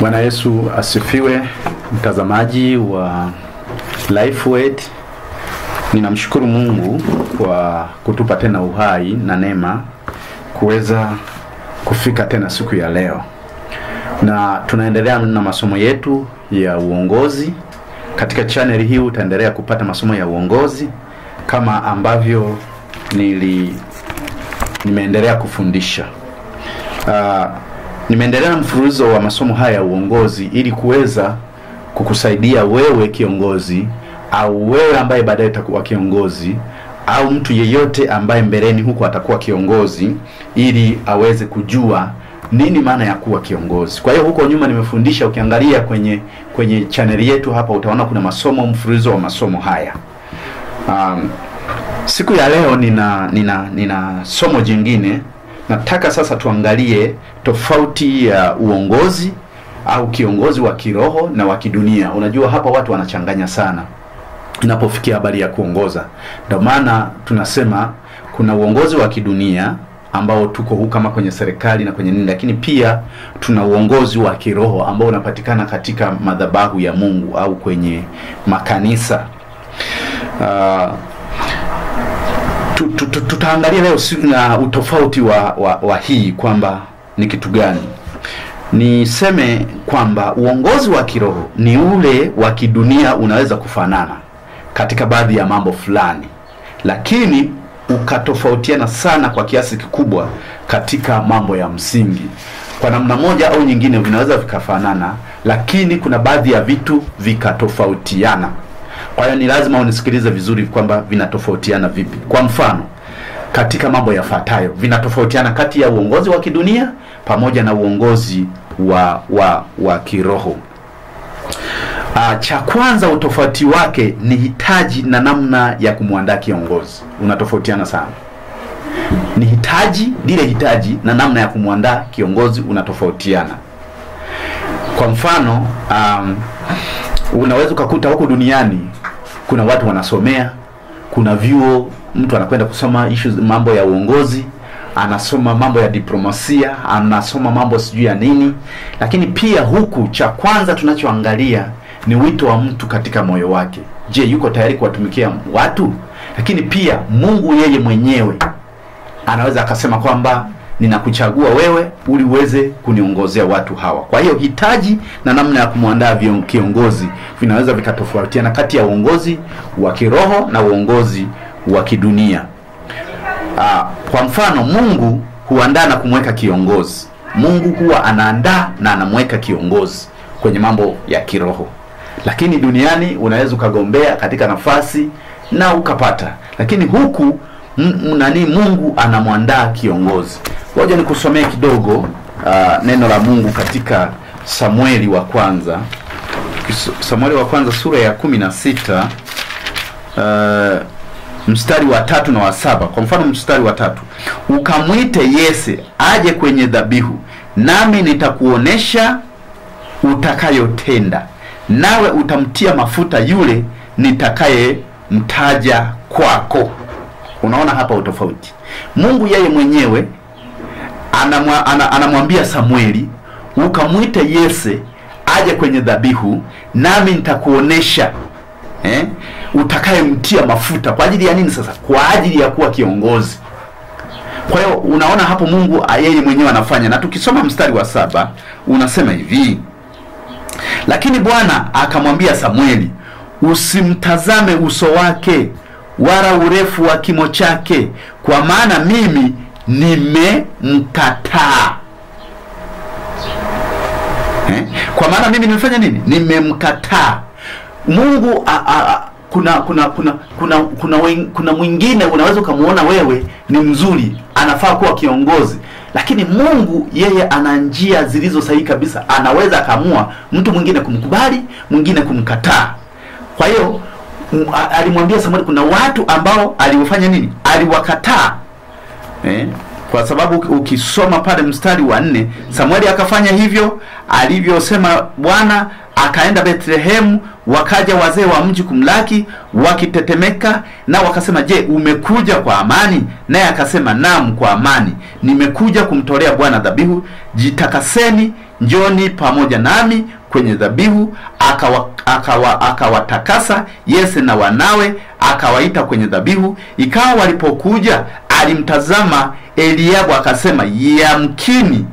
Bwana Yesu asifiwe, mtazamaji wa LifeWed. Ninamshukuru Mungu kwa kutupa tena uhai na neema kuweza kufika tena siku ya leo, na tunaendelea na masomo yetu ya uongozi. Katika chaneli hii utaendelea kupata masomo ya uongozi kama ambavyo nili nimeendelea kufundisha uh, Nimeendelea na mfululizo wa masomo haya ya uongozi ili kuweza kukusaidia wewe kiongozi, au wewe ambaye baadaye utakuwa kiongozi, au mtu yeyote ambaye mbeleni huko atakuwa kiongozi, ili aweze kujua nini maana ya kuwa kiongozi. Kwa hiyo huko nyuma nimefundisha, ukiangalia kwenye kwenye chaneli yetu hapa utaona kuna masomo, mfululizo wa masomo haya. Um, siku ya leo nina nina nina somo jingine Nataka sasa tuangalie tofauti ya uongozi au kiongozi wa kiroho na wa kidunia. Unajua hapa watu wanachanganya sana inapofikia habari ya kuongoza. Ndio maana tunasema kuna uongozi wa kidunia ambao tuko huko kama kwenye serikali na kwenye nini, lakini pia tuna uongozi wa kiroho ambao unapatikana katika madhabahu ya Mungu au kwenye makanisa uh, tutaangalia leo na utofauti wa, wa, wa hii kwamba ni kitu gani. Niseme kwamba uongozi wa kiroho ni ule wa kidunia, unaweza kufanana katika baadhi ya mambo fulani, lakini ukatofautiana sana kwa kiasi kikubwa katika mambo ya msingi. Kwa namna moja au nyingine vinaweza vikafanana, lakini kuna baadhi ya vitu vikatofautiana. Kwa hiyo ni lazima unisikilize vizuri kwamba vinatofautiana vipi. Kwa mfano katika mambo yafuatayo vinatofautiana kati ya uongozi wa kidunia pamoja na uongozi wa wa wa kiroho. Uh, cha kwanza utofauti wake ni hitaji na namna ya kumwandaa kiongozi, unatofautiana sana. Ni hitaji lile hitaji na namna ya kumwandaa kiongozi unatofautiana. Kwa mfano um, unaweza ukakuta huko duniani kuna watu wanasomea, kuna vyuo, mtu anakwenda kusoma issues, mambo ya uongozi, anasoma mambo ya diplomasia, anasoma mambo sijui ya nini, lakini pia huku cha kwanza tunachoangalia ni wito wa mtu katika moyo wake. Je, yuko tayari kuwatumikia watu? Lakini pia Mungu yeye mwenyewe anaweza akasema kwamba ninakuchagua wewe ili uweze kuniongozea watu hawa. Kwa hiyo hitaji na namna ya kumwandaa kiongozi vinaweza vikatofautiana kati ya uongozi wa kiroho na uongozi wa kidunia. Aa, ah, kwa mfano Mungu huandaa na kumweka kiongozi. Mungu huwa anaandaa na anamweka kiongozi kwenye mambo ya kiroho, lakini duniani unaweza ukagombea katika nafasi na ukapata, lakini huku nani Mungu anamwandaa kiongozi. Ngoja nikusomee kidogo uh, neno la Mungu katika Samueli wa kwanza Samueli wa kwanza sura ya kumi na sita uh, mstari wa tatu na wa saba. Kwa mfano mstari wa tatu, ukamwite Yese aje kwenye dhabihu, nami nitakuonesha utakayotenda, nawe utamtia mafuta yule nitakayemtaja kwako unaona hapa utofauti. Mungu yeye mwenyewe anamwa, anamwambia Samueli, ukamwite Yese aje kwenye dhabihu, nami nitakuonesha eh, utakayemtia mafuta. Kwa ajili ya nini sasa? Kwa ajili ya kuwa kiongozi. Kwa hiyo unaona hapo Mungu yeye mwenyewe anafanya, na tukisoma mstari wa saba unasema hivi, lakini Bwana akamwambia Samueli, usimtazame uso wake wala urefu wa kimo chake, kwa maana mimi nimemkataa. Eh? Kwa maana mimi nimefanya nini? Nimemkataa Mungu a, a, kuna kuna kuna kuna kuna, kuna mwingine unaweza ukamuona wewe ni mzuri, anafaa kuwa kiongozi, lakini Mungu yeye ana njia zilizo sahihi kabisa. Anaweza akaamua mtu mwingine kumkubali, mwingine kumkataa. Kwa hiyo alimwambia Samueli kuna watu ambao aliwafanya nini, aliwakataa eh? kwa sababu ukisoma pale mstari wa nne Samueli akafanya hivyo alivyosema Bwana, akaenda Bethlehemu. Wakaja wazee wa mji kumlaki wakitetemeka, na wakasema, je, umekuja kwa amani? Naye akasema, naam, kwa amani nimekuja kumtolea Bwana dhabihu. Jitakaseni, njoni pamoja nami, kwenye dhabihu akawatakasa akawa, Yese na wanawe akawaita kwenye dhabihu. Ikawa walipokuja, alimtazama Eliabu akasema, yamkini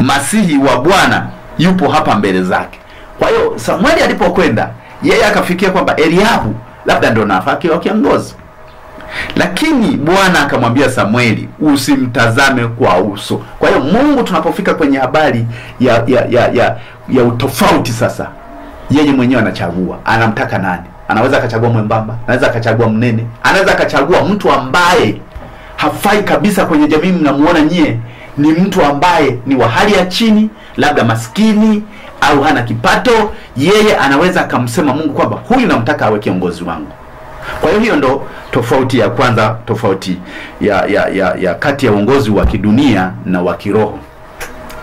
masihi wa Bwana yupo hapa mbele zake. Kwa hiyo Samueli alipokwenda yeye akafikia kwamba Eliabu labda ndo nafaki wa kiongozi lakini Bwana akamwambia Samueli, usimtazame kwa uso. Kwa hiyo Mungu, tunapofika kwenye habari ya ya ya ya, ya utofauti sasa, yeye mwenyewe anachagua, anamtaka nani. Anaweza akachagua mwembamba, anaweza akachagua mnene, anaweza akachagua mtu ambaye hafai kabisa kwenye jamii. Mnamuona nyie ni mtu ambaye ni wa hali ya chini, labda maskini au hana kipato. Yeye anaweza akamsema Mungu kwamba huyu namtaka awe kiongozi wangu. Kwa hiyo hiyo ndo tofauti ya kwanza, tofauti ya, ya, ya, ya kati ya uongozi wa kidunia na wa kiroho.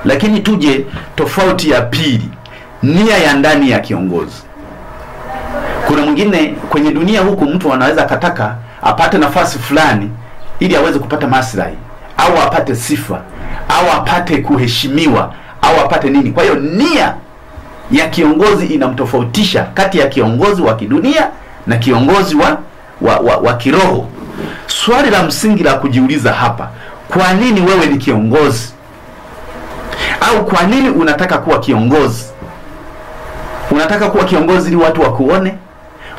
Lakini tuje tofauti ya pili, nia ya ndani ya kiongozi. Kuna mwingine kwenye dunia huku, mtu anaweza akataka apate nafasi fulani ili aweze kupata maslahi au apate sifa au apate kuheshimiwa au apate nini. Kwa hiyo nia ya kiongozi inamtofautisha kati ya kiongozi wa kidunia na kiongozi wa, wa, wa, wa kiroho. Swali la msingi la kujiuliza hapa, kwa nini wewe ni kiongozi? Au kwa nini unataka kuwa kiongozi? Unataka kuwa kiongozi ili watu wakuone?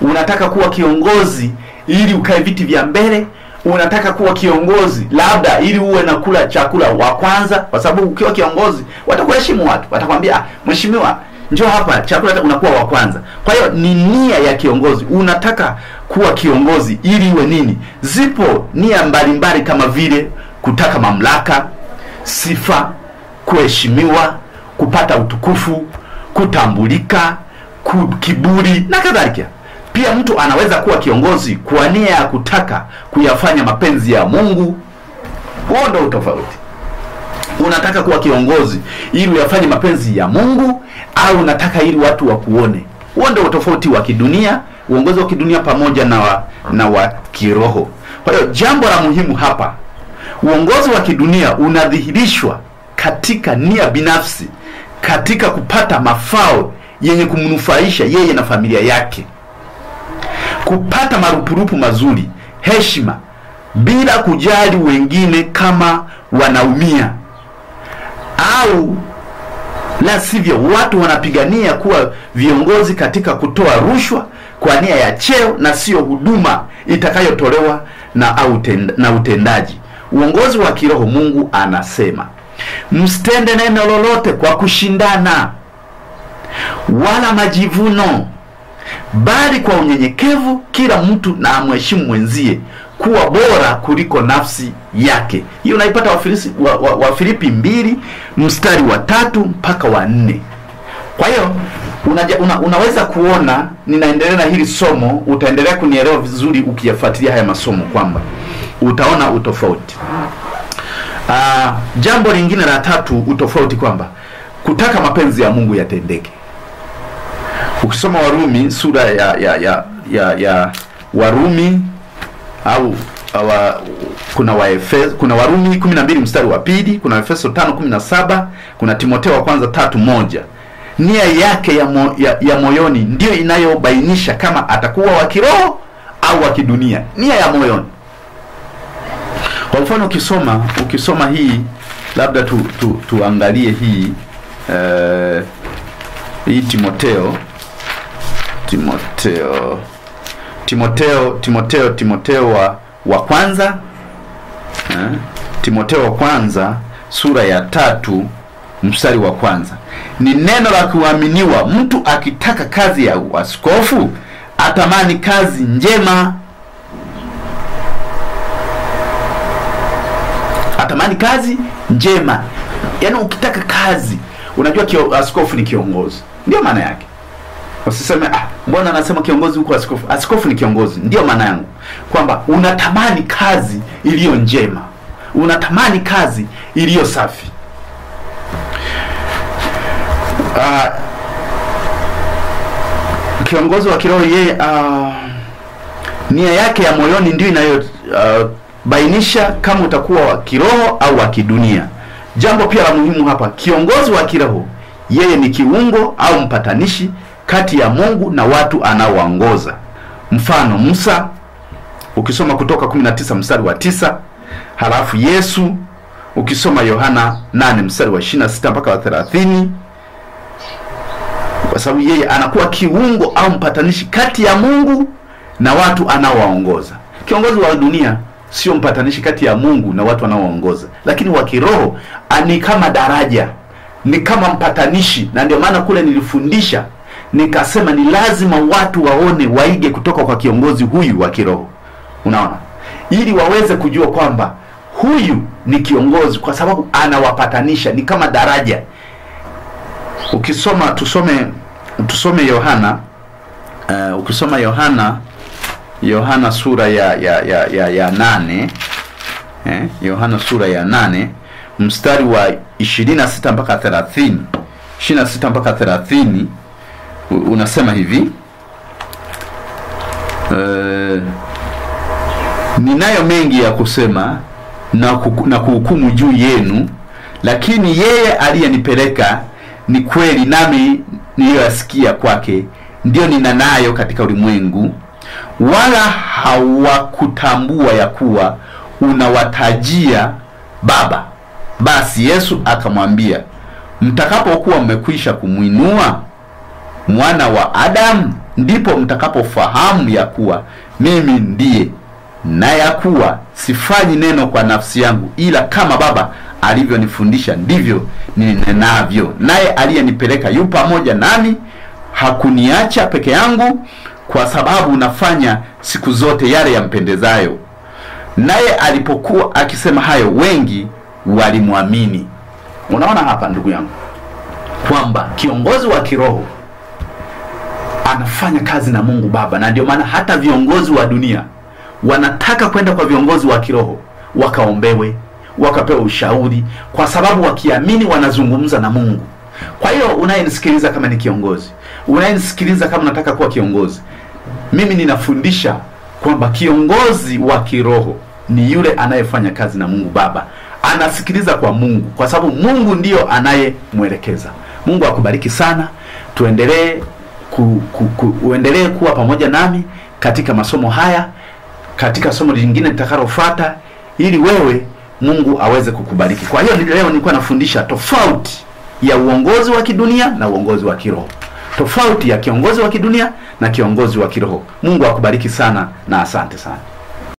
Unataka kuwa kiongozi ili ukae viti vya mbele? Unataka kuwa kiongozi labda ili uwe na kula chakula wa kwanza, kwa sababu ukiwa kiongozi watakuheshimu watu, watakwambia ah, mheshimiwa, njoo hapa, chakula unakuwa wa kwanza. Kwa hiyo ni nia ya kiongozi, unataka kuwa kiongozi ili iwe nini? Zipo nia mbalimbali kama vile kutaka mamlaka, sifa, kuheshimiwa, kupata utukufu, kutambulika, kiburi na kadhalika. Pia mtu anaweza kuwa kiongozi kwa nia ya kutaka kuyafanya mapenzi ya Mungu. Huo ndio utofauti unataka kuwa kiongozi ili uyafanye mapenzi ya Mungu au unataka ili watu wakuone? Huo ndio utofauti wa kidunia, uongozi wa kidunia pamoja na wa, na wa kiroho. Kwa hiyo jambo la muhimu hapa, uongozi wa kidunia unadhihirishwa katika nia binafsi, katika kupata mafao yenye kumnufaisha yeye na familia yake, kupata marupurupu mazuri, heshima, bila kujali wengine kama wanaumia au la sivyo watu wanapigania kuwa viongozi katika kutoa rushwa kwa nia ya cheo na siyo huduma itakayotolewa na, utend na utendaji. Uongozi wa kiroho, Mungu anasema msitende neno lolote kwa kushindana wala majivuno, bali kwa unyenyekevu kila mtu na amheshimu mwenzie, kuwa bora kuliko nafsi yake. Hiyo unaipata Wafilipi wa, wa, wa mbili mstari wa tatu mpaka wa nne. Kwa hiyo una, una, unaweza kuona ninaendelea na hili somo, utaendelea kunielewa vizuri ukiyafuatilia haya masomo kwamba utaona utofauti. Uh, jambo lingine la tatu utofauti kwamba kutaka mapenzi ya Mungu yatendeke. Ukisoma Warumi sura ya ya ya, ya, ya Warumi au awa, kuna waefes, kuna Warumi 12 mstari wa pili, kuna Efeso 5:17, kuna Timotheo wa kwanza tatu moja. Nia yake ya, mo, ya, ya moyoni ndiyo inayobainisha kama atakuwa wa kiroho au wa kidunia. Nia ya moyoni. Kwa mfano ukisoma ukisoma hii labda tu, tu, tuangalie hii eh, hii Timoteo Timoteo Timoteo Timoteo Timoteo wa, wa kwanza eh? Timoteo wa kwanza sura ya tatu mstari wa kwanza ni neno la kuaminiwa. Mtu akitaka kazi ya askofu atamani kazi njema, atamani kazi njema. Yaani ukitaka kazi, unajua kio, askofu ni kiongozi, ndio maana yake Usiseme ah, mbona anasema kiongozi huko askofu. Askofu ni kiongozi, ndio maana yangu kwamba unatamani kazi iliyo njema, unatamani kazi iliyo safi. Uh, kiongozi wa kiroho yeye, uh, ah, nia yake ya moyoni ndio inayobainisha ah, uh, kama utakuwa wa kiroho au wa kidunia. Jambo pia la muhimu hapa, kiongozi wa kiroho yeye ni kiungo au mpatanishi kati ya Mungu na watu anaoongoza. Mfano Musa, ukisoma Kutoka 19 mstari wa tisa, halafu Yesu ukisoma Yohana 8 mstari wa 26 mpaka wa 30, kwa sababu yeye anakuwa kiungo au mpatanishi kati ya Mungu na watu anaowaongoza. Kiongozi wa dunia sio mpatanishi kati ya Mungu na watu anaowaongoza, lakini wa kiroho ni kama daraja, ni kama mpatanishi, na ndio maana kule nilifundisha nikasema ni lazima watu waone, waige kutoka kwa kiongozi huyu wa kiroho, unaona, ili waweze kujua kwamba huyu ni kiongozi, kwa sababu anawapatanisha, ni kama daraja. Ukisoma tusome tusome Yohana uh, ukisoma Yohana Yohana sura ya ya ya, ya, ya nane eh, Yohana sura ya nane mstari wa 26 mpaka 30 26 mpaka unasema hivi uh, ninayo mengi ya kusema na, kuku, na kuhukumu juu yenu, lakini yeye aliyenipeleka ni kweli, nami niliyoyasikia kwake ndiyo ninanayo katika ulimwengu, wala hawakutambua ya kuwa unawatajia Baba. Basi Yesu akamwambia, mtakapokuwa mmekwisha kumwinua mwana wa Adamu, ndipo mtakapofahamu ya kuwa mimi ndiye, na ya kuwa sifanyi neno kwa nafsi yangu, ila kama Baba alivyonifundisha ndivyo ninenavyo, naye aliyenipeleka yu pamoja nami, hakuniacha peke yangu, kwa sababu nafanya siku zote yale yampendezayo. Naye alipokuwa akisema hayo, wengi walimwamini. Unaona hapa ndugu yangu kwamba kiongozi wa kiroho anafanya kazi na Mungu Baba, na ndio maana hata viongozi wa dunia wanataka kwenda kwa viongozi wa kiroho wakaombewe, wakapewa ushauri, kwa sababu wakiamini wanazungumza na Mungu. Kwa hiyo unayenisikiliza, kama ni kiongozi, unayenisikiliza, kama unataka kuwa kiongozi, mimi ninafundisha kwamba kiongozi wa kiroho ni yule anayefanya kazi na Mungu Baba, anasikiliza kwa Mungu, kwa sababu Mungu ndiyo anayemwelekeza. Mungu akubariki sana, tuendelee ku, ku, ku, uendelee kuwa pamoja nami katika masomo haya, katika somo lingine litakalofuata, ili wewe Mungu aweze kukubariki. Kwa hiyo leo nilikuwa nafundisha tofauti ya uongozi wa kidunia na uongozi wa kiroho, tofauti ya kiongozi wa kidunia na kiongozi wa kiroho. Mungu akubariki sana na asante sana.